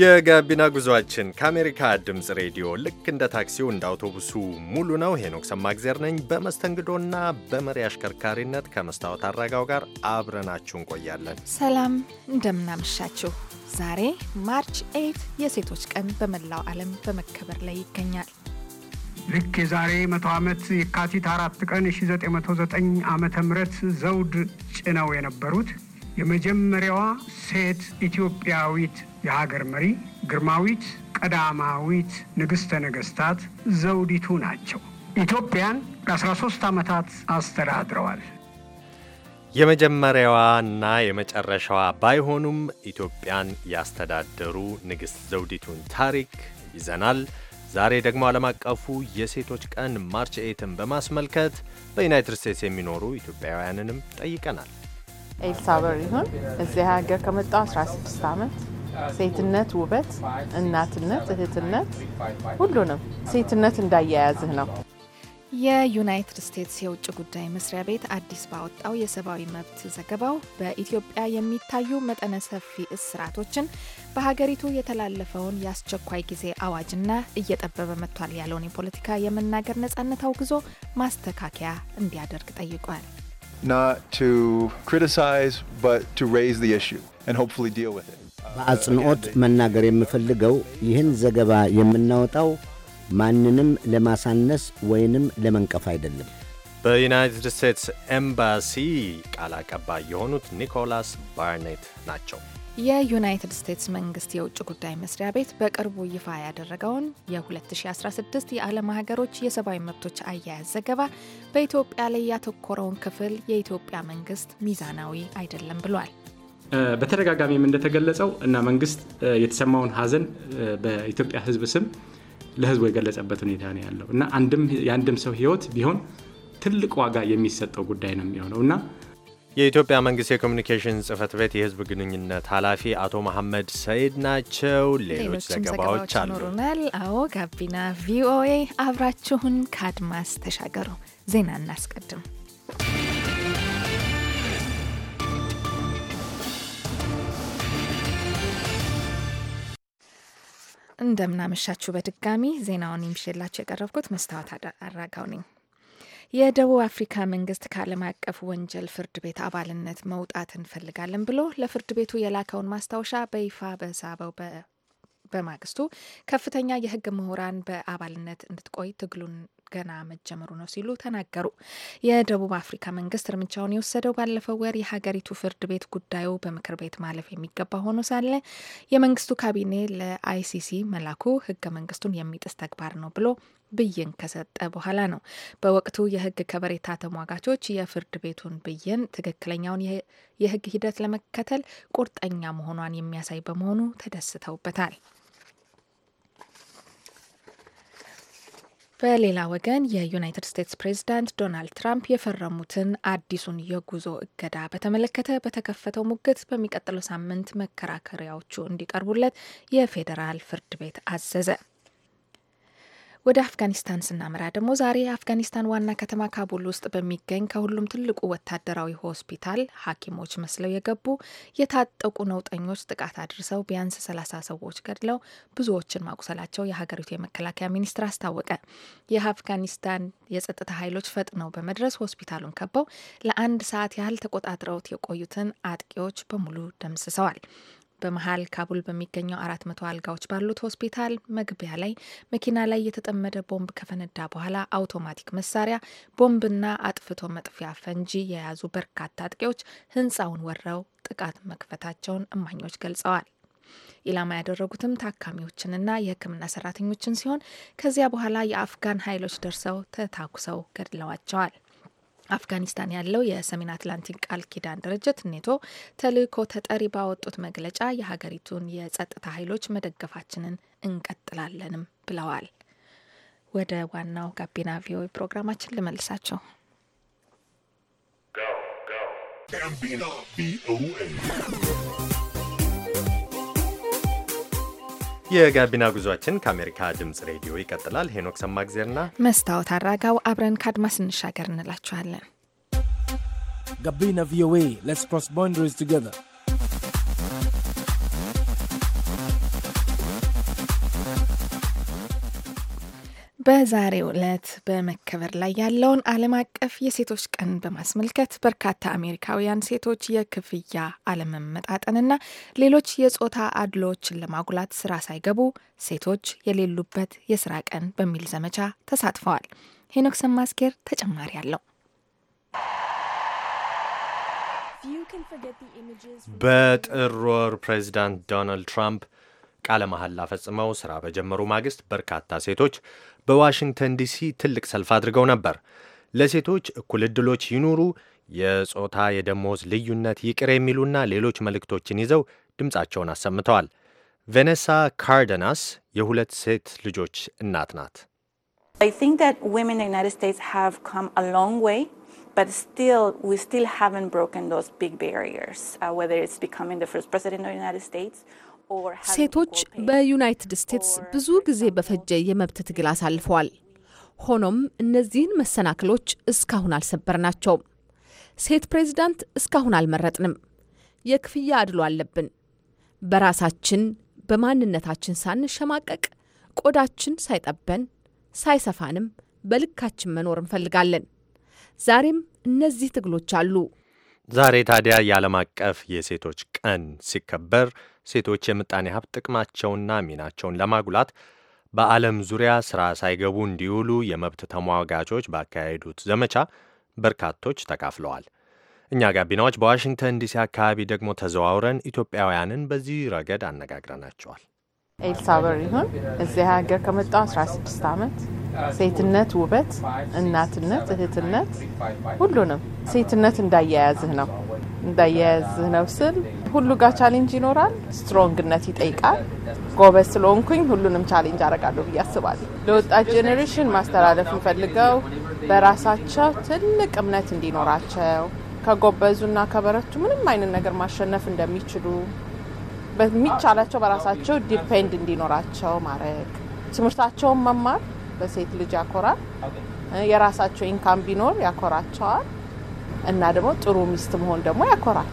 የጋቢና ጉዟችን ከአሜሪካ ድምፅ ሬዲዮ ልክ እንደ ታክሲው እንደ አውቶቡሱ ሙሉ ነው። ሄኖክ ሰማግዜር ነኝ። በመስተንግዶና በመሪ አሽከርካሪነት ከመስታወት አረጋው ጋር አብረናችሁ እንቆያለን። ሰላም እንደምናመሻችሁ። ዛሬ ማርች ኤይት የሴቶች ቀን በመላው ዓለም በመከበር ላይ ይገኛል። ልክ የዛሬ መቶ ዓመት የካቲት አራት ቀን 1909 ዓ ም ዘውድ ጭነው የነበሩት የመጀመሪያዋ ሴት ኢትዮጵያዊት የሀገር መሪ ግርማዊት ቀዳማዊት ንግሥተ ነገሥታት ዘውዲቱ ናቸው። ኢትዮጵያን ለ13 ዓመታት አስተዳድረዋል። የመጀመሪያዋና የመጨረሻዋ ባይሆኑም ኢትዮጵያን ያስተዳደሩ ንግሥት ዘውዲቱን ታሪክ ይዘናል። ዛሬ ደግሞ ዓለም አቀፉ የሴቶች ቀን ማርች ኤትን በማስመልከት በዩናይትድ ስቴትስ የሚኖሩ ኢትዮጵያውያንንም ጠይቀናል። ኤልሳበር ይሁን እዚህ ሀገር ከመጣሁ 16 ዓመት ሴትነት፣ ውበት፣ እናትነት፣ እህትነት ሁሉንም ሴትነት እንዳያያዝህ ነው። የዩናይትድ ስቴትስ የውጭ ጉዳይ መስሪያ ቤት አዲስ ባወጣው የሰብአዊ መብት ዘገባው በኢትዮጵያ የሚታዩ መጠነ ሰፊ እስራቶችን በሀገሪቱ የተላለፈውን የአስቸኳይ ጊዜ አዋጅና እየጠበበ መጥቷል ያለውን የፖለቲካ የመናገር ነጻነት አውግዞ ማስተካከያ እንዲያደርግ ጠይቋል። not to criticize, but to raise the issue and hopefully deal with it. በአጽንኦት መናገር የምፈልገው ይህን ዘገባ የምናወጣው ማንንም ለማሳነስ ወይንም ለመንቀፍ አይደለም። በዩናይትድ ስቴትስ ኤምባሲ ቃል አቀባይ የሆኑት ኒኮላስ ባርኔት ናቸው። የዩናይትድ ስቴትስ መንግስት የውጭ ጉዳይ መስሪያ ቤት በቅርቡ ይፋ ያደረገውን የ2016 የዓለም ሀገሮች የሰብአዊ መብቶች አያያዝ ዘገባ በኢትዮጵያ ላይ ያተኮረውን ክፍል የኢትዮጵያ መንግስት ሚዛናዊ አይደለም ብሏል። በተደጋጋሚም እንደተገለጸው እና መንግስት የተሰማውን ሀዘን በኢትዮጵያ ህዝብ ስም ለህዝቡ የገለጸበት ሁኔታ ነው ያለው እና የአንድም ሰው ህይወት ቢሆን ትልቅ ዋጋ የሚሰጠው ጉዳይ ነው የሚሆነው እና የኢትዮጵያ መንግስት የኮሚኒኬሽን ጽህፈት ቤት የህዝብ ግንኙነት ኃላፊ አቶ መሐመድ ሰይድ ናቸው። ሌሎች ዘገባዎች አሉናል። አዎ ጋቢና ቪኦኤ አብራችሁን ከአድማስ ተሻገሩ። ዜና እናስቀድም። እንደምናመሻችሁ በድጋሚ ዜናውን የሚሽላችሁ የቀረብኩት መስታወት አራጋው ነኝ። የደቡብ አፍሪካ መንግስት ከዓለም አቀፍ ወንጀል ፍርድ ቤት አባልነት መውጣት እንፈልጋለን ብሎ ለፍርድ ቤቱ የላከውን ማስታወሻ በይፋ በሳበው በማግስቱ ከፍተኛ የህግ ምሁራን በአባልነት እንድትቆይ ትግሉን ገና መጀመሩ ነው ሲሉ ተናገሩ። የደቡብ አፍሪካ መንግስት እርምጃውን የወሰደው ባለፈው ወር የሀገሪቱ ፍርድ ቤት ጉዳዩ በምክር ቤት ማለፍ የሚገባ ሆኖ ሳለ የመንግስቱ ካቢኔ ለአይሲሲ መላኩ ህገ መንግስቱን የሚጥስ ተግባር ነው ብሎ ብይን ከሰጠ በኋላ ነው። በወቅቱ የህግ ከበሬታ ተሟጋቾች የፍርድ ቤቱን ብይን ትክክለኛውን የህግ ሂደት ለመከተል ቁርጠኛ መሆኗን የሚያሳይ በመሆኑ ተደስተውበታል። በሌላ ወገን የዩናይትድ ስቴትስ ፕሬዚዳንት ዶናልድ ትራምፕ የፈረሙትን አዲሱን የጉዞ እገዳ በተመለከተ በተከፈተው ሙግት በሚቀጥለው ሳምንት መከራከሪያዎቹ እንዲቀርቡለት የፌዴራል ፍርድ ቤት አዘዘ። ወደ አፍጋኒስታን ስናመራ ደግሞ ዛሬ አፍጋኒስታን ዋና ከተማ ካቡል ውስጥ በሚገኝ ከሁሉም ትልቁ ወታደራዊ ሆስፒታል ሐኪሞች መስለው የገቡ የታጠቁ ነውጠኞች ጥቃት አድርሰው ቢያንስ ሰላሳ ሰዎች ገድለው ብዙዎችን ማቁሰላቸው የሀገሪቱ የመከላከያ ሚኒስትር አስታወቀ። የአፍጋኒስታን የጸጥታ ኃይሎች ፈጥነው በመድረስ ሆስፒታሉን ከበው ለአንድ ሰዓት ያህል ተቆጣጥረውት የቆዩትን አጥቂዎች በሙሉ ደምስሰዋል። በመሀል ካቡል በሚገኘው አራት መቶ አልጋዎች ባሉት ሆስፒታል መግቢያ ላይ መኪና ላይ የተጠመደ ቦምብ ከፈነዳ በኋላ አውቶማቲክ መሳሪያ ቦምብና አጥፍቶ መጥፊያ ፈንጂ የያዙ በርካታ አጥቂዎች ህንፃውን ወረው ጥቃት መክፈታቸውን እማኞች ገልጸዋል። ኢላማ ያደረጉትም ታካሚዎችንና የሕክምና ሰራተኞችን ሲሆን ከዚያ በኋላ የአፍጋን ኃይሎች ደርሰው ተታኩሰው ገድለዋቸዋል። አፍጋኒስታን ያለው የሰሜን አትላንቲክ ቃል ኪዳን ድርጅት ኔቶ ተልእኮ ተጠሪ ባወጡት መግለጫ የሀገሪቱን የጸጥታ ኃይሎች መደገፋችንን እንቀጥላለንም ብለዋል። ወደ ዋናው ጋቢና ቪኦኤ ፕሮግራማችን ልመልሳቸው። ጋቢና ቪኦኤ የጋቢና ጉዟችን ከአሜሪካ ድምጽ ሬዲዮ ይቀጥላል። ሄኖክ ሰማግዜርና መስታወት አራጋው አብረን ከአድማስ እንሻገር እንላችኋለን። ጋቢና ቪኦኤ ሌትስ ክሮስ ቦንደሪስ ቱጌዘር በዛሬው ዕለት በመከበር ላይ ያለውን ዓለም አቀፍ የሴቶች ቀን በማስመልከት በርካታ አሜሪካውያን ሴቶች የክፍያ አለመመጣጠንና ሌሎች የጾታ አድሎዎችን ለማጉላት ስራ ሳይገቡ ሴቶች የሌሉበት የስራ ቀን በሚል ዘመቻ ተሳትፈዋል። ሄኖክ ሰማስጌር ተጨማሪ አለው። በጥር ወር ፕሬዚዳንት ዶናልድ ትራምፕ ቃለ መሐላ ፈጽመው ስራ በጀመሩ ማግስት በርካታ ሴቶች በዋሽንግተን ዲሲ ትልቅ ሰልፍ አድርገው ነበር። ለሴቶች እኩል ዕድሎች ይኑሩ፣ የጾታ የደሞዝ ልዩነት ይቅር የሚሉና ሌሎች መልእክቶችን ይዘው ድምፃቸውን አሰምተዋል። ቬኔሳ ካርደናስ የሁለት ሴት ልጆች እናት ናት። ሴቶች በዩናይትድ ስቴትስ ብዙ ጊዜ በፈጀ የመብት ትግል አሳልፈዋል። ሆኖም እነዚህን መሰናክሎች እስካሁን አልሰበርናቸውም። ሴት ፕሬዚዳንት እስካሁን አልመረጥንም። የክፍያ አድሎ አለብን። በራሳችን በማንነታችን ሳንሸማቀቅ፣ ቆዳችን ሳይጠበን ሳይሰፋንም በልካችን መኖር እንፈልጋለን። ዛሬም እነዚህ ትግሎች አሉ። ዛሬ ታዲያ የዓለም አቀፍ የሴቶች ቀን ሲከበር ሴቶች የምጣኔ ሀብት ጥቅማቸውና ሚናቸውን ለማጉላት በዓለም ዙሪያ ሥራ ሳይገቡ እንዲውሉ የመብት ተሟጋቾች ባካሄዱት ዘመቻ በርካቶች ተካፍለዋል። እኛ ጋቢናዎች በዋሽንግተን ዲሲ አካባቢ ደግሞ ተዘዋውረን ኢትዮጵያውያንን በዚህ ረገድ አነጋግረናቸዋል። ኤልሳበር ይሁን እዚህ ሀገር ከመጣሁ 16 ዓመት ሴትነት፣ ውበት፣ እናትነት፣ እህትነት ሁሉንም ሴትነት እንዳያያዝህ ነው እንዳያያዝህ ነው ስል ሁሉ ጋር ቻሌንጅ ይኖራል። ስትሮንግነት ይጠይቃል። ጎበዝ ስለሆንኩኝ ሁሉንም ቻሌንጅ አደርጋለሁ ብዬ አስባለሁ። ለወጣት ጄኔሬሽን ማስተላለፍ የምፈልገው በራሳቸው ትልቅ እምነት እንዲኖራቸው ከጎበዙና ከበረቱ ምንም አይነት ነገር ማሸነፍ እንደሚችሉ በሚቻላቸው በራሳቸው ዲፔንድ እንዲኖራቸው ማድረግ፣ ትምህርታቸውን መማር በሴት ልጅ ያኮራል። የራሳቸው ኢንካም ቢኖር ያኮራቸዋል። እና ደግሞ ጥሩ ሚስት መሆን ደግሞ ያኮራል።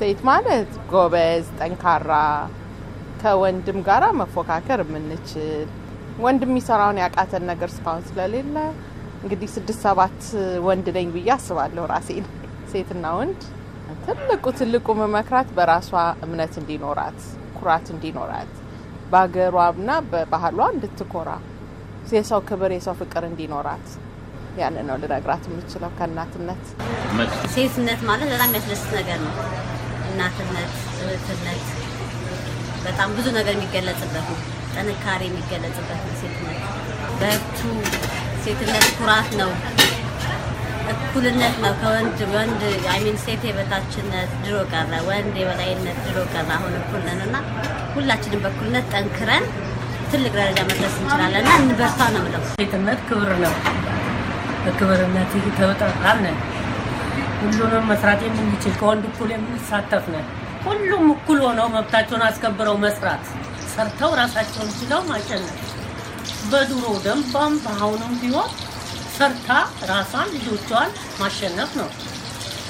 ሴት ማለት ጎበዝ፣ ጠንካራ፣ ከወንድም ጋር መፎካከር የምንችል ወንድ የሚሰራውን ያቃተን ነገር እስካሁን ስለሌለ እንግዲህ ስድስት ሰባት ወንድ ነኝ ብዬ አስባለሁ ራሴ ሴትና ወንድ ትልቁ ትልቁ መመክራት በራሷ እምነት እንዲኖራት ኩራት እንዲኖራት በሀገሯና በባህሏ እንድትኮራ የሰው ክብር የሰው ፍቅር እንዲኖራት ያን ነው ልነግራት የምችለው። ከእናትነት ሴትነት ማለት በጣም የሚያስደስት ነገር ነው። እናትነት፣ እህትነት በጣም ብዙ ነገር የሚገለጽበት ነው። ጥንካሬ የሚገለጽበት ነው ሴትነት። በእቱ ሴትነት ኩራት ነው። እኩልነት ነው። ከወንድ ወንድ አይሚን ሴት የበታችነት ድሮ ቀረ፣ ወንድ የበላይነት ድሮ ቀረ። አሁን እኩል ነን እና ሁላችንም በእኩልነት ጠንክረን ትልቅ ደረጃ መድረስ እንችላለን እና እንበርታ ነው የምለው። ሴትነት ክብር ነው። በክብርነት ተወጣጣል ነን። ሁሉንም መስራት የምንችል ከወንድ እኩል የምንሳተፍ ነን። ሁሉም እኩል ሆነው መብታቸውን አስከብረው መስራት ሰርተው ራሳቸውን ችለው ማሸነፍ በድሮ ደንባም በአሁኑም ቢሆን ሰርታ ራሷን ልጆቿን ማሸነፍ ነው።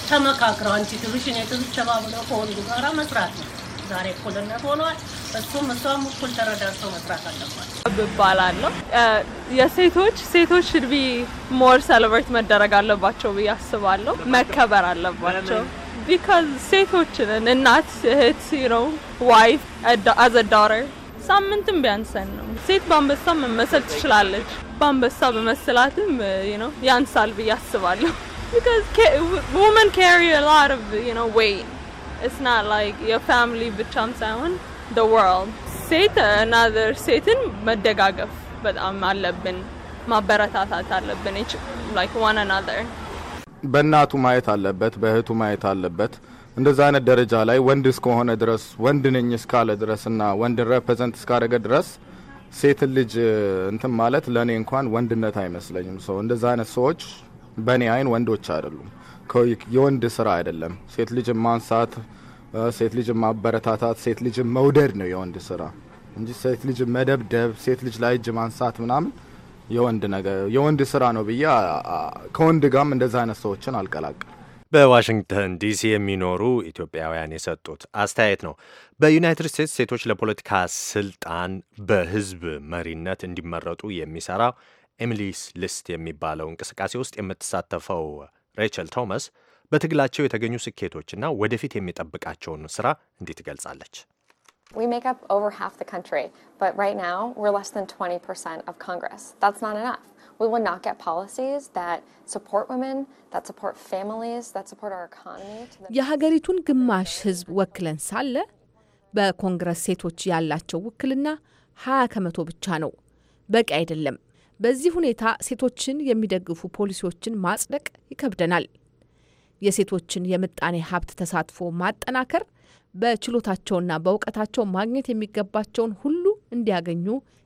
ተመካክረው አንቺ ትብሽ እኔ ትብሽ ተባብለ ከወንዱ ጋራ መስራት ነው። ዛሬ እኩልነት ሆኗል። እሱም እሷም እኩል ተረዳድተው መስራት አለባት ብባላለሁ። የሴቶች ሴቶች ሽድ ቢ ሞር ሰለብሬት መደረግ አለባቸው ብዬ አስባለሁ። መከበር አለባቸው ቢካዝ ሴቶችንን እናት፣ እህት፣ ዋይፍ አዘ ዳውተር ሳምንትም ቢያንሰን ነው። ሴት በአንበሳ መመሰል ትችላለች። በአንበሳ በመሰላትም ነው uh, ያንሳል ብዬ አስባለሁ። ውመን ካሪ ላር ነው ወይ እስና የፋሚሊ ብቻም ሳይሆን ደ ወርልድ ሴት ናዘር ሴትን መደጋገፍ በጣም አለብን፣ ማበረታታት አለብን። ዋን ናዘር በእናቱ ማየት አለበት፣ በእህቱ ማየት አለበት። እንደዛ አይነት ደረጃ ላይ ወንድ እስከሆነ ድረስ ወንድ ነኝ እስካለ ድረስ እና ወንድ ሬፕሬዘንት እስካደረገ ድረስ ሴትን ልጅ እንትን ማለት ለእኔ እንኳን ወንድነት አይመስለኝም። ሰው እንደዛ አይነት ሰዎች በእኔ አይን ወንዶች አይደሉም። የወንድ ስራ አይደለም። ሴት ልጅ ማንሳት፣ ሴት ልጅ ማበረታታት፣ ሴት ልጅ መውደድ ነው የወንድ ስራ እንጂ ሴት ልጅ መደብደብ፣ ሴት ልጅ ላይ እጅ ማንሳት ምናምን የወንድ ነገር የወንድ ስራ ነው ብዬ ከወንድ ጋርም እንደዛ አይነት ሰዎችን አልቀላቀል በዋሽንግተን ዲሲ የሚኖሩ ኢትዮጵያውያን የሰጡት አስተያየት ነው። በዩናይትድ ስቴትስ ሴቶች ለፖለቲካ ስልጣን በህዝብ መሪነት እንዲመረጡ የሚሰራው ኤሚሊስ ሊስት የሚባለው እንቅስቃሴ ውስጥ የምትሳተፈው ሬቸል ቶማስ በትግላቸው የተገኙ ስኬቶችና ወደፊት የሚጠብቃቸውን ስራ እንዲህ ትገልጻለች። We make up over half the country, but right now we're less than 20% of Congress. That's not enough. we will not get policies that support women, that support families, that support our economy. የሀገሪቱን ግማሽ ህዝብ ወክለን ሳለ በኮንግረስ ሴቶች ያላቸው ውክልና 20 ከመቶ ብቻ ነው። በቂ አይደለም። በዚህ ሁኔታ ሴቶችን የሚደግፉ ፖሊሲዎችን ማጽደቅ ይከብደናል። የሴቶችን የምጣኔ ሀብት ተሳትፎ ማጠናከር፣ በችሎታቸውና በእውቀታቸው ማግኘት የሚገባቸውን ሁሉ እንዲያገኙ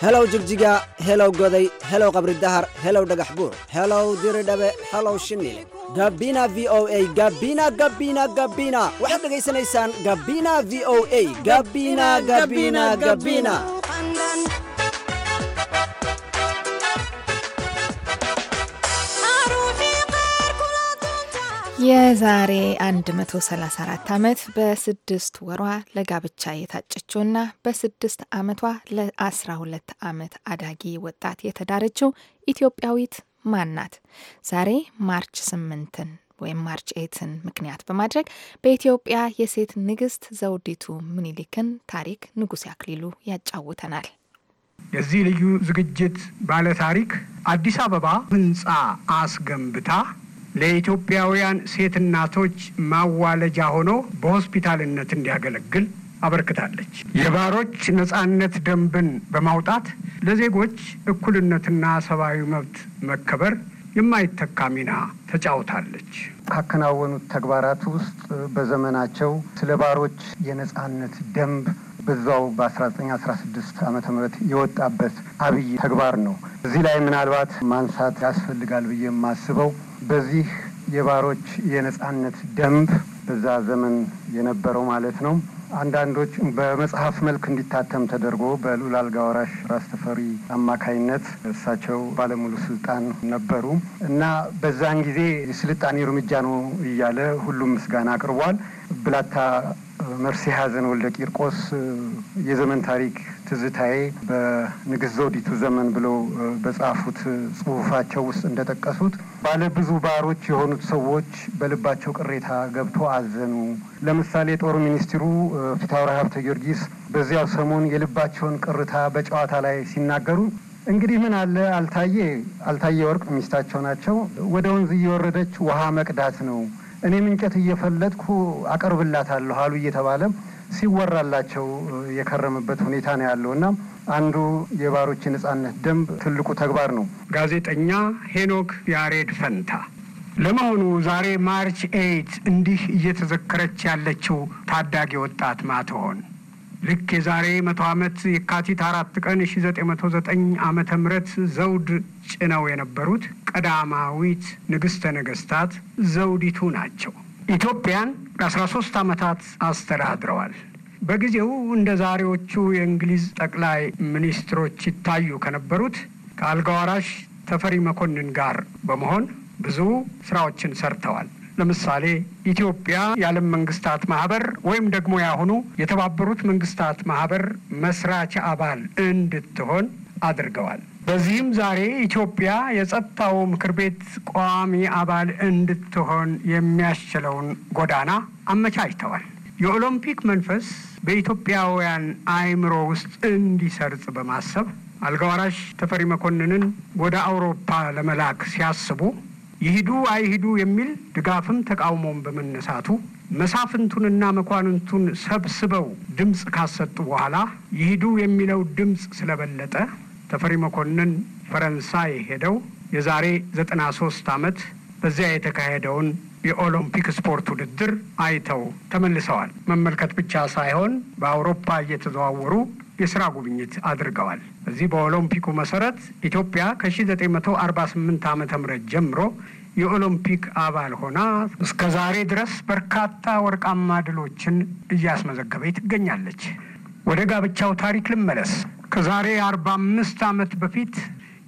helow jigjiga helow goday helow qabri dahar helow dhagax buur helow diridhabe helow shinil gabina v o a gabina gabina gabina waxaad dhegaysanaysaan gabina v o a gabina gabina gabina የዛሬ 134 ዓመት በስድስት ወሯ ለጋብቻ የታጨችውና በስድስት ዓመቷ ለ12 ዓመት አዳጊ ወጣት የተዳረችው ኢትዮጵያዊት ማን ናት? ዛሬ ማርች 8ን ወይም ማርች ኤትን ምክንያት በማድረግ በኢትዮጵያ የሴት ንግስት ዘውዲቱ ምኒልክን ታሪክ ንጉሥ ያክሊሉ ያጫውተናል። የዚህ ልዩ ዝግጅት ባለ ታሪክ አዲስ አበባ ህንፃ አስገንብታ ለኢትዮጵያውያን ሴት እናቶች ማዋለጃ ሆኖ በሆስፒታልነት እንዲያገለግል አበርክታለች። የባሮች ነጻነት ደንብን በማውጣት ለዜጎች እኩልነትና ሰብአዊ መብት መከበር የማይተካ ሚና ተጫውታለች። ካከናወኑት ተግባራት ውስጥ በዘመናቸው ስለ ባሮች የነጻነት ደንብ በዛው በ1916 ዓ ም የወጣበት አብይ ተግባር ነው። እዚህ ላይ ምናልባት ማንሳት ያስፈልጋል ብዬ የማስበው በዚህ የባሮች የነጻነት ደንብ በዛ ዘመን የነበረው ማለት ነው አንዳንዶች በመጽሐፍ መልክ እንዲታተም ተደርጎ በልዑል አልጋ ወራሽ ራስ ተፈሪ አማካይነት እሳቸው ባለሙሉ ስልጣን ነበሩ እና በዛን ጊዜ የስልጣኔ እርምጃ ነው እያለ ሁሉም ምስጋና አቅርቧል። ብላታ መርሴ ሀዘን ወልደ ቂርቆስ የዘመን ታሪክ ትዝታዬ በንግስት ዘውዲቱ ዘመን ብለው በጻፉት ጽሁፋቸው ውስጥ እንደጠቀሱት ባለ ብዙ ባሮች የሆኑት ሰዎች በልባቸው ቅሬታ ገብቶ አዘኑ። ለምሳሌ ጦር ሚኒስትሩ ፊታውራሪ ሀብተ ጊዮርጊስ በዚያው ሰሞን የልባቸውን ቅርታ በጨዋታ ላይ ሲናገሩ እንግዲህ ምን አለ አልታየ አልታየ ወርቅ ሚስታቸው ናቸው ወደ ወንዝ እየወረደች ውሃ መቅዳት ነው እኔም እንጨት እየፈለጥኩ አቀርብላታለሁ አሉ እየተባለ ሲወራላቸው የከረመበት ሁኔታ ነው ያለው እና አንዱ የባሮች ነጻነት ደንብ ትልቁ ተግባር ነው። ጋዜጠኛ ሄኖክ ያሬድ ፈንታ፣ ለመሆኑ ዛሬ ማርች ኤይት እንዲህ እየተዘከረች ያለችው ታዳጊ ወጣት ማትሆን ልክ የዛሬ መቶ ዓመት የካቲት አራት ቀን ዘጠኝ ዓመተ ምህረት ዘውድ ጭነው የነበሩት ቀዳማዊት ንግሥተ ነገሥታት ዘውዲቱ ናቸው። ኢትዮጵያን ለ13 ዓመታት አስተዳድረዋል። በጊዜው እንደ ዛሬዎቹ የእንግሊዝ ጠቅላይ ሚኒስትሮች ይታዩ ከነበሩት ከአልጋ ወራሽ ተፈሪ መኮንን ጋር በመሆን ብዙ ስራዎችን ሰርተዋል። ለምሳሌ ኢትዮጵያ የዓለም መንግስታት ማህበር ወይም ደግሞ ያሁኑ የተባበሩት መንግስታት ማህበር መስራች አባል እንድትሆን አድርገዋል። በዚህም ዛሬ ኢትዮጵያ የጸጥታው ምክር ቤት ቋሚ አባል እንድትሆን የሚያስችለውን ጎዳና አመቻችተዋል። የኦሎምፒክ መንፈስ በኢትዮጵያውያን አእምሮ ውስጥ እንዲሰርጽ በማሰብ አልጋወራሽ ተፈሪ መኮንንን ወደ አውሮፓ ለመላክ ሲያስቡ ይሂዱ አይሂዱ የሚል ድጋፍም ተቃውሞም በመነሳቱ መሳፍንቱንና መኳንንቱን ሰብስበው ድምፅ ካሰጡ በኋላ ይሂዱ የሚለው ድምፅ ስለበለጠ ተፈሪ መኮንን ፈረንሳይ ሄደው የዛሬ ዘጠና ሶስት ዓመት በዚያ የተካሄደውን የኦሎምፒክ ስፖርት ውድድር አይተው ተመልሰዋል። መመልከት ብቻ ሳይሆን በአውሮፓ እየተዘዋወሩ የስራ ጉብኝት አድርገዋል። በዚህ በኦሎምፒኩ መሰረት ኢትዮጵያ ከ1948 ዓ ም ጀምሮ የኦሎምፒክ አባል ሆና እስከ ዛሬ ድረስ በርካታ ወርቃማ ድሎችን እያስመዘገበች ትገኛለች። ወደ ጋብቻው ታሪክ ልመለስ። ከዛሬ 45 ዓመት በፊት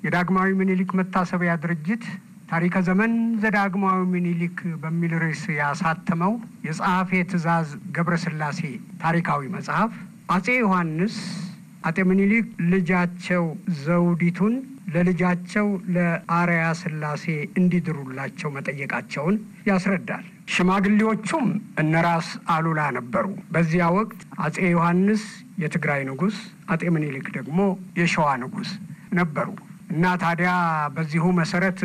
የዳግማዊ ምኒልክ መታሰቢያ ድርጅት ታሪከ ዘመን ዘዳግማዊ ምኒልክ በሚል ርዕስ ያሳተመው የጸሐፌ ትእዛዝ ገብረስላሴ ታሪካዊ መጽሐፍ አጼ ዮሐንስ አጤ ምኒልክ ልጃቸው ዘውዲቱን ለልጃቸው ለአርያ ስላሴ እንዲድሩላቸው መጠየቃቸውን ያስረዳል። ሽማግሌዎቹም እነራስ አሉላ ነበሩ። በዚያ ወቅት አጼ ዮሐንስ የትግራይ ንጉሥ፣ አጤ ምኒልክ ደግሞ የሸዋ ንጉሥ ነበሩ እና ታዲያ በዚሁ መሰረት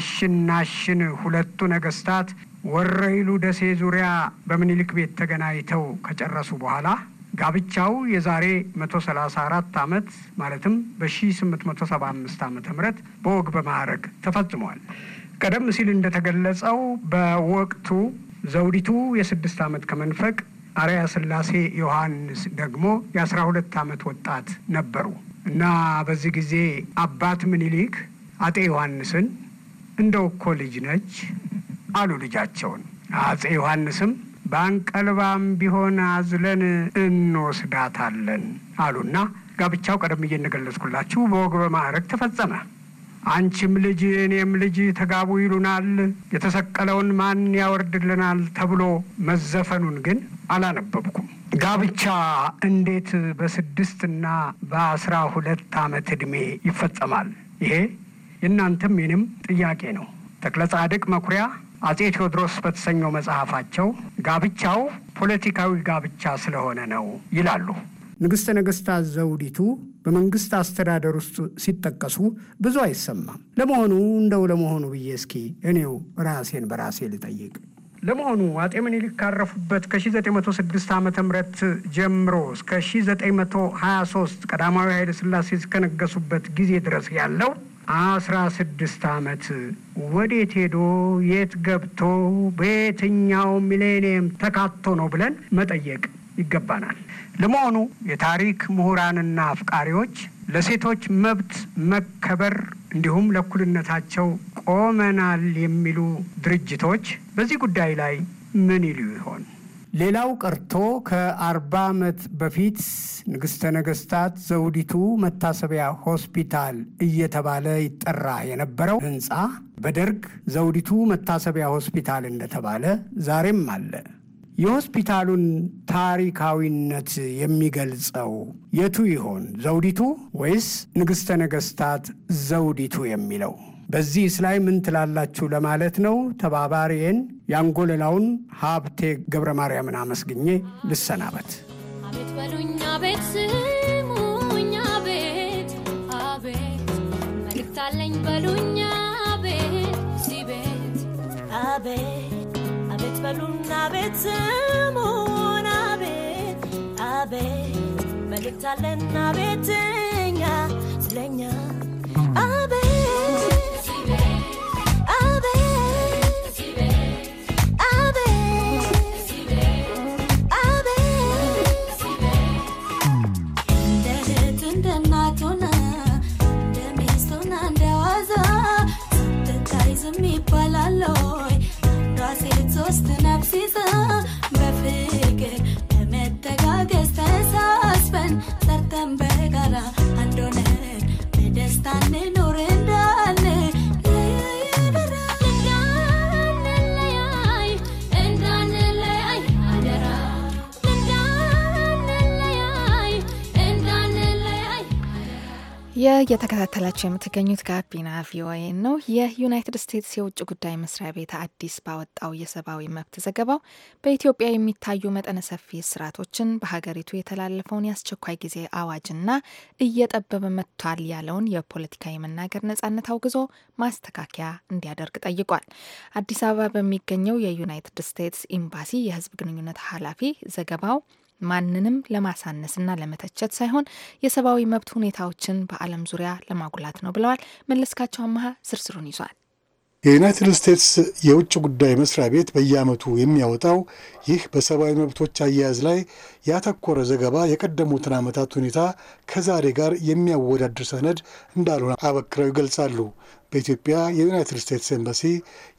እሽናሽን ሁለቱ ነገስታት ወረይሉ ደሴ ዙሪያ በምኒልክ ቤት ተገናኝተው ከጨረሱ በኋላ ጋብቻው የዛሬ 134 ዓመት ማለትም በ1875 ዓ ምህረት በወግ በማዕረግ ተፈጽሟል። ቀደም ሲል እንደተገለጸው በወቅቱ ዘውዲቱ የስድስት ዓመት ከመንፈቅ አርያ ስላሴ ዮሐንስ ደግሞ የአስራ ሁለት ዓመት ወጣት ነበሩ እና በዚህ ጊዜ አባት ምኒልክ አጤ ዮሐንስን እንደው እኮ ልጅ ነች አሉ ልጃቸውን አጼ ዮሐንስም ባንቀልባም ቢሆን አዝለን እንወስዳታለን አሉና ጋብቻው ቀደም እየነገለጽኩላችሁ በወግ በማዕረግ ተፈጸመ። አንቺም ልጅ እኔም ልጅ ተጋቡ ይሉናል፣ የተሰቀለውን ማን ያወርድልናል ተብሎ መዘፈኑን ግን አላነበብኩም። ጋብቻ እንዴት በስድስትና በአስራ ሁለት ዓመት ዕድሜ ይፈጸማል? ይሄ የእናንተም የኔም ጥያቄ ነው። ተክለ ጻድቅ መኩሪያ አጼ ቴዎድሮስ በተሰኘው መጽሐፋቸው ጋብቻው ፖለቲካዊ ጋብቻ ስለሆነ ነው ይላሉ። ንግሥተ ነገሥታት ዘውዲቱ በመንግሥት አስተዳደር ውስጥ ሲጠቀሱ ብዙ አይሰማም። ለመሆኑ እንደው ለመሆኑ ብዬ እስኪ እኔው ራሴን በራሴ ልጠይቅ። ለመሆኑ አጤ ምኒልክ ካረፉበት ከ1906 ዓ ም ጀምሮ እስከ 1923 ቀዳማዊ ኃይለ ሥላሴ እስከነገሱበት ጊዜ ድረስ ያለው አስራ ስድስት ዓመት ወዴት ሄዶ የት ገብቶ በየትኛው ሚሌኒየም ተካቶ ነው ብለን መጠየቅ ይገባናል። ለመሆኑ የታሪክ ምሁራንና አፍቃሪዎች ለሴቶች መብት መከበር እንዲሁም ለእኩልነታቸው ቆመናል የሚሉ ድርጅቶች በዚህ ጉዳይ ላይ ምን ይሉ ይሆን? ሌላው ቀርቶ ከአርባ ዓመት በፊት ንግሥተ ነገሥታት ዘውዲቱ መታሰቢያ ሆስፒታል እየተባለ ይጠራ የነበረው ህንፃ በደርግ ዘውዲቱ መታሰቢያ ሆስፒታል እንደተባለ ዛሬም አለ። የሆስፒታሉን ታሪካዊነት የሚገልጸው የቱ ይሆን? ዘውዲቱ ወይስ ንግሥተ ነገሥታት ዘውዲቱ የሚለው በዚህስ ላይ ምን ትላላችሁ ለማለት ነው። ተባባሪዬን የአንጎለላውን ሀብቴ ገብረ ማርያምን አመስግኜ ልሰናበት። አቤት በሉኛ ቤት ስሙኛ ቤት አቤት መልክታለኝ በሉኛ ቤት እዚህ ቤት አቤት አቤት በሉና ቤት ስሙና ቤት አቤት መልክታለና ቤትኛ ስለኛ አቤት እየተከታተላችሁ የምትገኙት ጋቢና ቪኦኤ ነው። የዩናይትድ ስቴትስ የውጭ ጉዳይ መስሪያ ቤት አዲስ ባወጣው የሰብአዊ መብት ዘገባው በኢትዮጵያ የሚታዩ መጠነ ሰፊ እስራቶችን፣ በሀገሪቱ የተላለፈውን የአስቸኳይ ጊዜ አዋጅና እየጠበበ መጥቷል ያለውን የፖለቲካ የመናገር ነጻነት አውግዞ ማስተካከያ እንዲያደርግ ጠይቋል። አዲስ አበባ በሚገኘው የዩናይትድ ስቴትስ ኤምባሲ የህዝብ ግንኙነት ኃላፊ ዘገባው ማንንም ለማሳነስና ለመተቸት ሳይሆን የሰብአዊ መብት ሁኔታዎችን በዓለም ዙሪያ ለማጉላት ነው ብለዋል። መለስካቸው አመሃ ዝርዝሩን ይዟል። የዩናይትድ ስቴትስ የውጭ ጉዳይ መስሪያ ቤት በየዓመቱ የሚያወጣው ይህ በሰብአዊ መብቶች አያያዝ ላይ ያተኮረ ዘገባ የቀደሙትን ዓመታት ሁኔታ ከዛሬ ጋር የሚያወዳድር ሰነድ እንዳልሆነ አበክረው ይገልጻሉ። በኢትዮጵያ የዩናይትድ ስቴትስ ኤምባሲ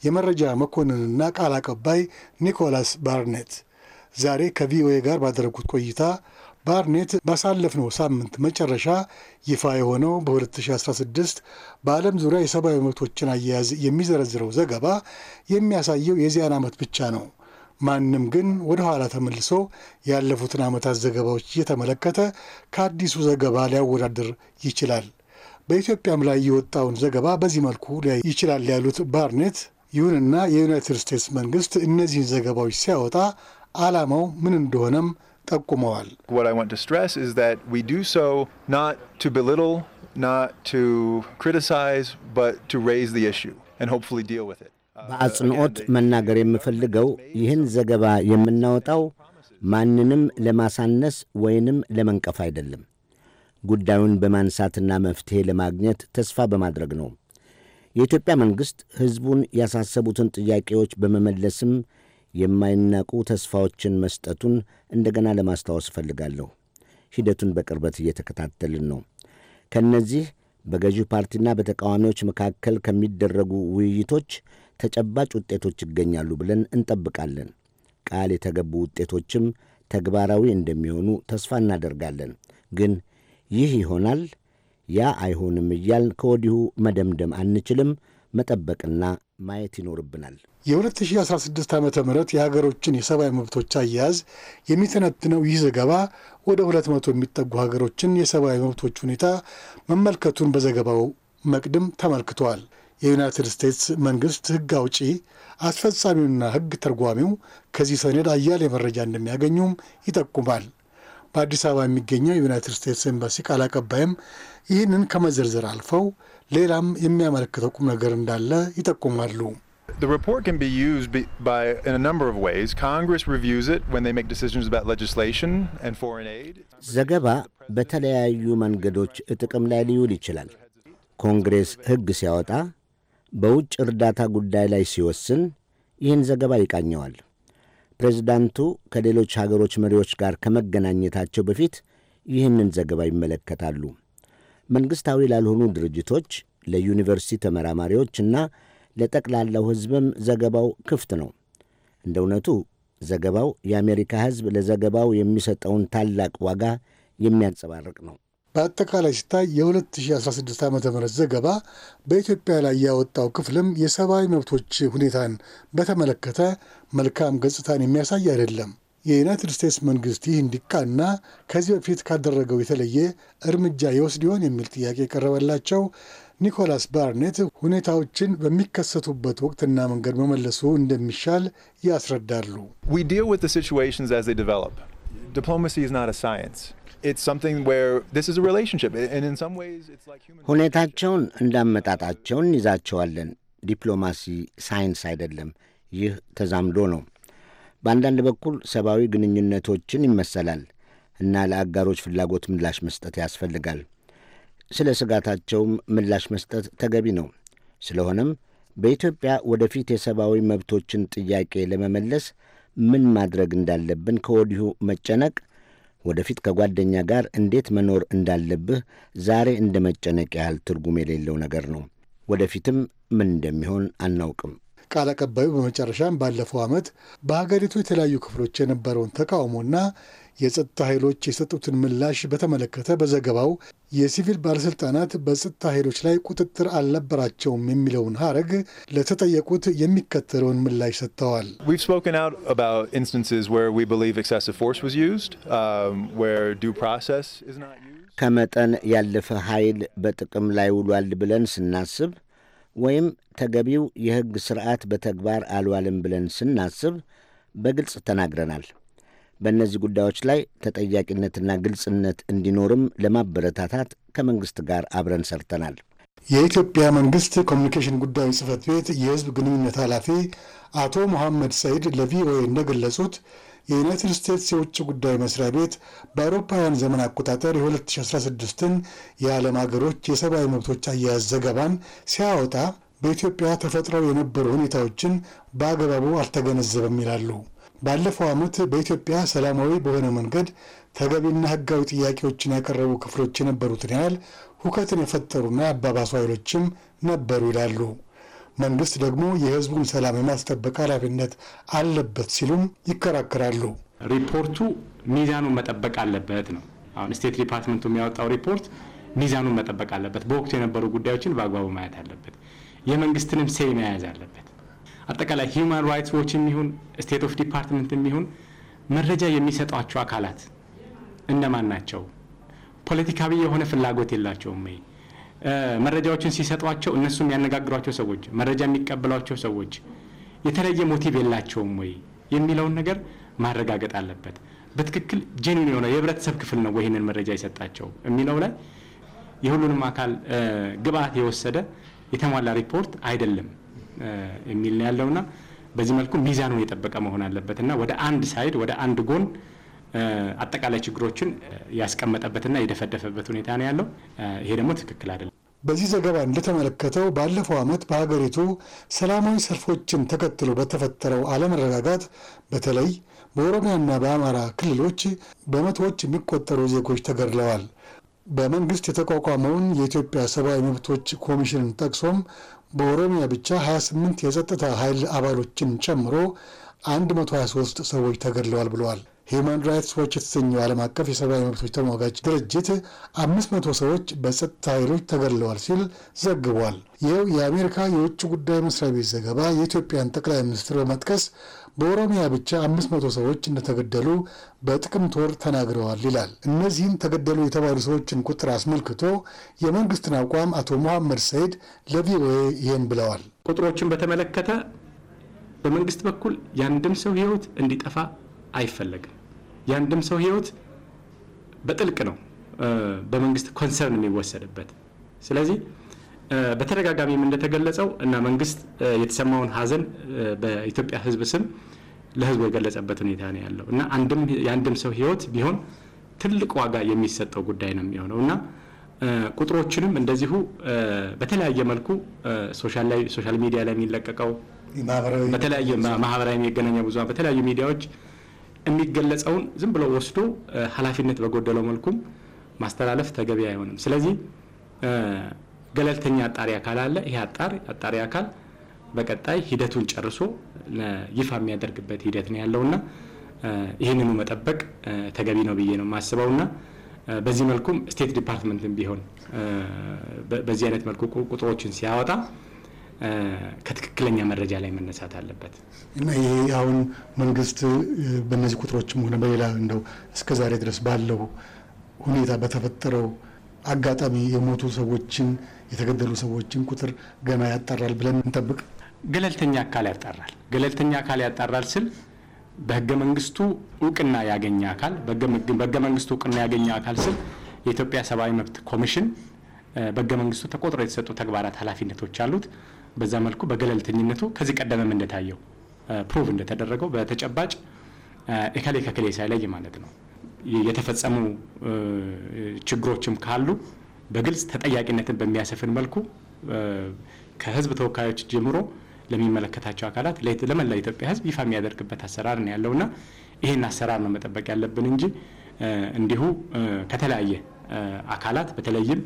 የመረጃ መኮንንና ቃል አቀባይ ኒኮላስ ባርኔት ዛሬ ከቪኦኤ ጋር ባደረጉት ቆይታ ባርኔት ባሳለፍነው ሳምንት መጨረሻ ይፋ የሆነው በ2016 በዓለም ዙሪያ የሰብአዊ መብቶችን አያያዝ የሚዘረዝረው ዘገባ የሚያሳየው የዚያን ዓመት ብቻ ነው። ማንም ግን ወደ ኋላ ተመልሶ ያለፉትን ዓመታት ዘገባዎች እየተመለከተ ከአዲሱ ዘገባ ሊያወዳድር ይችላል። በኢትዮጵያም ላይ የወጣውን ዘገባ በዚህ መልኩ ሊያይ ይችላል ያሉት ባርኔት፣ ይሁንና የዩናይትድ ስቴትስ መንግስት እነዚህን ዘገባዎች ሲያወጣ ዓላማው ምን እንደሆነም ጠቁመዋል። uh, በአጽንኦት መናገር የምፈልገው ይህን ዘገባ የምናወጣው ማንንም ለማሳነስ ወይንም ለመንቀፍ አይደለም። ጉዳዩን በማንሳትና መፍትሔ ለማግኘት ተስፋ በማድረግ ነው። የኢትዮጵያ መንግሥት ሕዝቡን ያሳሰቡትን ጥያቄዎች በመመለስም የማይናቁ ተስፋዎችን መስጠቱን እንደገና ለማስታወስ እፈልጋለሁ። ሂደቱን በቅርበት እየተከታተልን ነው። ከእነዚህ በገዢው ፓርቲና በተቃዋሚዎች መካከል ከሚደረጉ ውይይቶች ተጨባጭ ውጤቶች ይገኛሉ ብለን እንጠብቃለን። ቃል የተገቡ ውጤቶችም ተግባራዊ እንደሚሆኑ ተስፋ እናደርጋለን። ግን ይህ ይሆናል ያ አይሆንም እያልን ከወዲሁ መደምደም አንችልም። መጠበቅና ማየት ይኖርብናል። የ2016 ዓ ም የሀገሮችን የሰብአዊ መብቶች አያያዝ የሚተነትነው ይህ ዘገባ ወደ 200 የሚጠጉ ሀገሮችን የሰብአዊ መብቶች ሁኔታ መመልከቱን በዘገባው መቅድም ተመልክቷል። የዩናይትድ ስቴትስ መንግስት ህግ አውጪ አስፈጻሚውና ህግ ተርጓሚው ከዚህ ሰነድ አያሌ መረጃ እንደሚያገኙም ይጠቁማል። በአዲስ አበባ የሚገኘው የዩናይትድ ስቴትስ ኤምባሲ ቃል አቀባይም ይህንን ከመዘርዘር አልፈው ሌላም የሚያመለክተው ቁም ነገር እንዳለ ይጠቁማሉ። The report can be used by, in a number of ways. Congress reviews it when they make decisions about legislation and foreign aid. ዘገባ በተለያዩ መንገዶች ጥቅም ላይ ሊውል ይችላል። ኮንግሬስ ሕግ ሲያወጣ፣ በውጭ እርዳታ ጉዳይ ላይ ሲወስን ይህን ዘገባ ይቃኘዋል። ፕሬዚዳንቱ ከሌሎች ሀገሮች መሪዎች ጋር ከመገናኘታቸው በፊት ይህንን ዘገባ ይመለከታሉ። መንግሥታዊ ላልሆኑ ድርጅቶች፣ ለዩኒቨርሲቲ ተመራማሪዎችና ለጠቅላላው ሕዝብም ዘገባው ክፍት ነው። እንደ እውነቱ ዘገባው የአሜሪካ ሕዝብ ለዘገባው የሚሰጠውን ታላቅ ዋጋ የሚያንጸባርቅ ነው። በአጠቃላይ ሲታይ የ2016 ዓ ም ዘገባ በኢትዮጵያ ላይ ያወጣው ክፍልም የሰብአዊ መብቶች ሁኔታን በተመለከተ መልካም ገጽታን የሚያሳይ አይደለም። የዩናይትድ ስቴትስ መንግስት ይህ እንዲቃና ከዚህ በፊት ካደረገው የተለየ እርምጃ ይወስድ ይሆን የሚል ጥያቄ የቀረበላቸው ኒኮላስ ባርኔት ሁኔታዎችን በሚከሰቱበት ወቅትና መንገድ መመለሱ እንደሚሻል ያስረዳሉ። ሁኔታቸውን እንዳመጣጣቸውን ይዛቸዋለን። ዲፕሎማሲ ሳይንስ አይደለም፣ ይህ ተዛምዶ ነው። በአንዳንድ በኩል ሰብአዊ ግንኙነቶችን ይመሰላል እና ለአጋሮች ፍላጎት ምላሽ መስጠት ያስፈልጋል። ስለ ስጋታቸውም ምላሽ መስጠት ተገቢ ነው። ስለሆነም በኢትዮጵያ ወደፊት የሰብአዊ መብቶችን ጥያቄ ለመመለስ ምን ማድረግ እንዳለብን ከወዲሁ መጨነቅ ወደፊት ከጓደኛ ጋር እንዴት መኖር እንዳለብህ ዛሬ እንደ መጨነቅ ያህል ትርጉም የሌለው ነገር ነው። ወደፊትም ምን እንደሚሆን አናውቅም። ቃል አቀባዩ በመጨረሻም ባለፈው ዓመት በሀገሪቱ የተለያዩ ክፍሎች የነበረውን ተቃውሞና የጸጥታ ኃይሎች የሰጡትን ምላሽ በተመለከተ በዘገባው የሲቪል ባለሥልጣናት በጸጥታ ኃይሎች ላይ ቁጥጥር አልነበራቸውም የሚለውን ሀረግ ለተጠየቁት የሚከተለውን ምላሽ ሰጥተዋል። um, ከመጠን ያለፈ ኃይል በጥቅም ላይ ውሏል ብለን ስናስብ ወይም ተገቢው የሕግ ስርዓት በተግባር አልዋልም ብለን ስናስብ በግልጽ ተናግረናል። በእነዚህ ጉዳዮች ላይ ተጠያቂነትና ግልጽነት እንዲኖርም ለማበረታታት ከመንግሥት ጋር አብረን ሰርተናል። የኢትዮጵያ መንግስት ኮሚኒኬሽን ጉዳዮች ጽህፈት ቤት የህዝብ ግንኙነት ኃላፊ አቶ መሐመድ ሰይድ ለቪኦኤ እንደገለጹት የዩናይትድ ስቴትስ የውጭ ጉዳይ መስሪያ ቤት በአውሮፓውያን ዘመን አቆጣጠር የ2016ን የዓለም ሀገሮች የሰብአዊ መብቶች አያያዝ ዘገባን ሲያወጣ በኢትዮጵያ ተፈጥረው የነበሩ ሁኔታዎችን በአግባቡ አልተገነዘበም ይላሉ። ባለፈው ዓመት በኢትዮጵያ ሰላማዊ በሆነ መንገድ ተገቢና ሕጋዊ ጥያቄዎችን ያቀረቡ ክፍሎች የነበሩትን ያህል ሁከትን የፈጠሩና አባባሱ ኃይሎችም ነበሩ ይላሉ። መንግስት ደግሞ የህዝቡን ሰላም የማስጠበቅ ኃላፊነት አለበት ሲሉም ይከራከራሉ። ሪፖርቱ ሚዛኑን መጠበቅ አለበት ነው። አሁን ስቴት ዲፓርትመንቱ የሚያወጣው ሪፖርት ሚዛኑን መጠበቅ አለበት። በወቅቱ የነበሩ ጉዳዮችን በአግባቡ ማየት አለበት። የመንግስትንም ሴ መያዝ አለበት። አጠቃላይ ሂውማን ራይትስ ዎች የሚሆን ስቴት ኦፍ ዲፓርትመንት የሚሆን መረጃ የሚሰጧቸው አካላት እነማን ናቸው? ፖለቲካዊ የሆነ ፍላጎት የላቸውም ወይ? መረጃዎችን ሲሰጧቸው እነሱ የሚያነጋግሯቸው ሰዎች፣ መረጃ የሚቀበሏቸው ሰዎች የተለየ ሞቲቭ የላቸውም ወይ የሚለውን ነገር ማረጋገጥ አለበት። በትክክል ጄኒን የሆነ የህብረተሰብ ክፍል ነው ወይንን መረጃ የሰጣቸው የሚለው ላይ የሁሉንም አካል ግብአት የወሰደ የተሟላ ሪፖርት አይደለም የሚል ነው ያለውና በዚህ መልኩ ሚዛኑን የጠበቀ መሆን አለበት ወደ አንድ ሳይድ ወደ አንድ ጎን አጠቃላይ ችግሮችን ያስቀመጠበትና የደፈደፈበት ሁኔታ ነው ያለው። ይሄ ደግሞ ትክክል አይደለም። በዚህ ዘገባ እንደተመለከተው ባለፈው ዓመት በሀገሪቱ ሰላማዊ ሰልፎችን ተከትሎ በተፈጠረው አለመረጋጋት በተለይ በኦሮሚያና በአማራ ክልሎች በመቶዎች የሚቆጠሩ ዜጎች ተገድለዋል። በመንግስት የተቋቋመውን የኢትዮጵያ ሰብአዊ መብቶች ኮሚሽን ጠቅሶም በኦሮሚያ ብቻ 28 የጸጥታ ኃይል አባሎችን ጨምሮ 123 ሰዎች ተገድለዋል ብለዋል። ሂዩማን ራይትስ ዎች የተሰኘው ዓለም አቀፍ የሰብአዊ መብቶች ተሟጋች ድርጅት አምስት መቶ ሰዎች በጸጥታ ኃይሎች ተገድለዋል ሲል ዘግቧል። ይኸው የአሜሪካ የውጭ ጉዳይ መስሪያ ቤት ዘገባ የኢትዮጵያን ጠቅላይ ሚኒስትር በመጥቀስ በኦሮሚያ ብቻ አምስት መቶ ሰዎች እንደተገደሉ በጥቅምት ወር ተናግረዋል ይላል። እነዚህን ተገደሉ የተባሉ ሰዎችን ቁጥር አስመልክቶ የመንግስትን አቋም አቶ መሐመድ ሰይድ ለቪኦኤ ይህን ብለዋል። ቁጥሮችን በተመለከተ በመንግስት በኩል የአንድም ሰው ህይወት እንዲጠፋ አይፈለግም። የአንድም ሰው ህይወት በጥልቅ ነው በመንግስት ኮንሰርን የሚወሰድበት። ስለዚህ በተደጋጋሚም እንደተገለጸው እና መንግስት የተሰማውን ሀዘን በኢትዮጵያ ህዝብ ስም ለህዝቡ የገለጸበት ሁኔታ ነው ያለው እና የአንድም ሰው ህይወት ቢሆን ትልቅ ዋጋ የሚሰጠው ጉዳይ ነው የሚሆነው እና ቁጥሮችንም እንደዚሁ በተለያየ መልኩ ሶሻል ሚዲያ ላይ የሚለቀቀው በተለያየ ማህበራዊ መገናኛ ብዙሃን በተለያዩ ሚዲያዎች የሚገለጸውን ዝም ብሎ ወስዶ ኃላፊነት በጎደለው መልኩም ማስተላለፍ ተገቢ አይሆንም። ስለዚህ ገለልተኛ አጣሪ አካል አለ። ይህ አጣሪ አካል በቀጣይ ሂደቱን ጨርሶ ይፋ የሚያደርግበት ሂደት ነው ያለውና ይህንኑ መጠበቅ ተገቢ ነው ብዬ ነው የማስበውና በዚህ መልኩም ስቴት ዲፓርትመንትም ቢሆን በዚህ አይነት መልኩ ቁጥሮችን ሲያወጣ ከትክክለኛ መረጃ ላይ መነሳት አለበት እና ይሄ አሁን መንግስት በእነዚህ ቁጥሮችም ሆነ በሌላ እንደው ዛሬ ድረስ ባለው ሁኔታ በተፈጠረው አጋጣሚ የሞቱ ሰዎችን የተገደሉ ሰዎችን ቁጥር ገና ያጣራል ብለን እንጠብቅ። ገለልተኛ አካል ያጣራል። ገለልተኛ አካል ያጣራል ስል በህገ መንግስቱ እውቅና ያገኘ አካል በህገ መንግስቱ እውቅና ያገኘ አካል ስል የኢትዮጵያ ሰብአዊ መብት ኮሚሽን በህገ መንግስቱ ተቆጥሮ የተሰጡ ተግባራት ኃላፊነቶች አሉት። በዛ መልኩ በገለልተኝነቱ ከዚህ ቀደመም እንደታየው ፕሩቭ እንደተደረገው በተጨባጭ እከሌ ከእከሌ ሳይለይ ማለት ነው የተፈጸሙ ችግሮችም ካሉ በግልጽ ተጠያቂነትን በሚያሰፍን መልኩ ከህዝብ ተወካዮች ጀምሮ ለሚመለከታቸው አካላት ለመላ ኢትዮጵያ ህዝብ ይፋ የሚያደርግበት አሰራር ነው ያለውና ይህን አሰራር ነው መጠበቅ ያለብን እንጂ እንዲሁ ከተለያየ አካላት በተለይም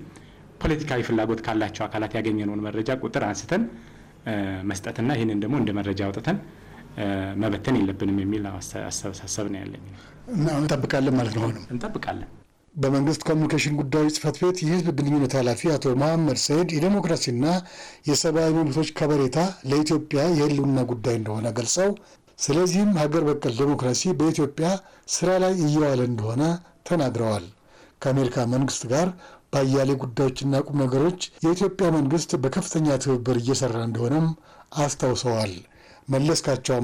ፖለቲካዊ ፍላጎት ካላቸው አካላት ያገኘነውን መረጃ ቁጥር አንስተን መስጠትና ይህንን ደግሞ እንደ መረጃ አውጥተን መበተን የለብንም የሚል አስተሳሰብ ነው ያለኝ። እንጠብቃለን ማለት ነው። አሁንም እንጠብቃለን። በመንግስት ኮሚኒኬሽን ጉዳዮች ጽህፈት ቤት የህዝብ ግንኙነት ኃላፊ አቶ መሐመድ ሰይድ የዴሞክራሲና የሰብአዊ መብቶች ከበሬታ ለኢትዮጵያ የህልውና ጉዳይ እንደሆነ ገልጸው ስለዚህም ሀገር በቀል ዴሞክራሲ በኢትዮጵያ ስራ ላይ እየዋለ እንደሆነ ተናግረዋል። ከአሜሪካ መንግስት ጋር በአያሌ ጉዳዮችና ቁም ነገሮች የኢትዮጵያ መንግስት በከፍተኛ ትብብር እየሰራ እንደሆነም አስታውሰዋል። መለስካቸው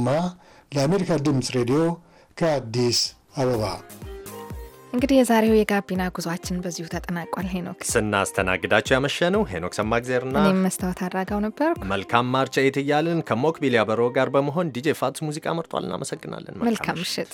ለአሜሪካ ድምፅ ሬዲዮ ከአዲስ አበባ። እንግዲህ የዛሬው የጋቢና ጉዟችን በዚሁ ተጠናቋል። ሄኖክ ስናስተናግዳቸው ያመሸነው ሄኖክ ሰማግዜርና እኔም መስታወት አድራጋው ነበር። መልካም ማርቻ ኤት እያልን ከሞክቢል ጋር በመሆን ዲጄ ፋትስ ሙዚቃ መርጧል። እናመሰግናለን። መልካም ምሽት።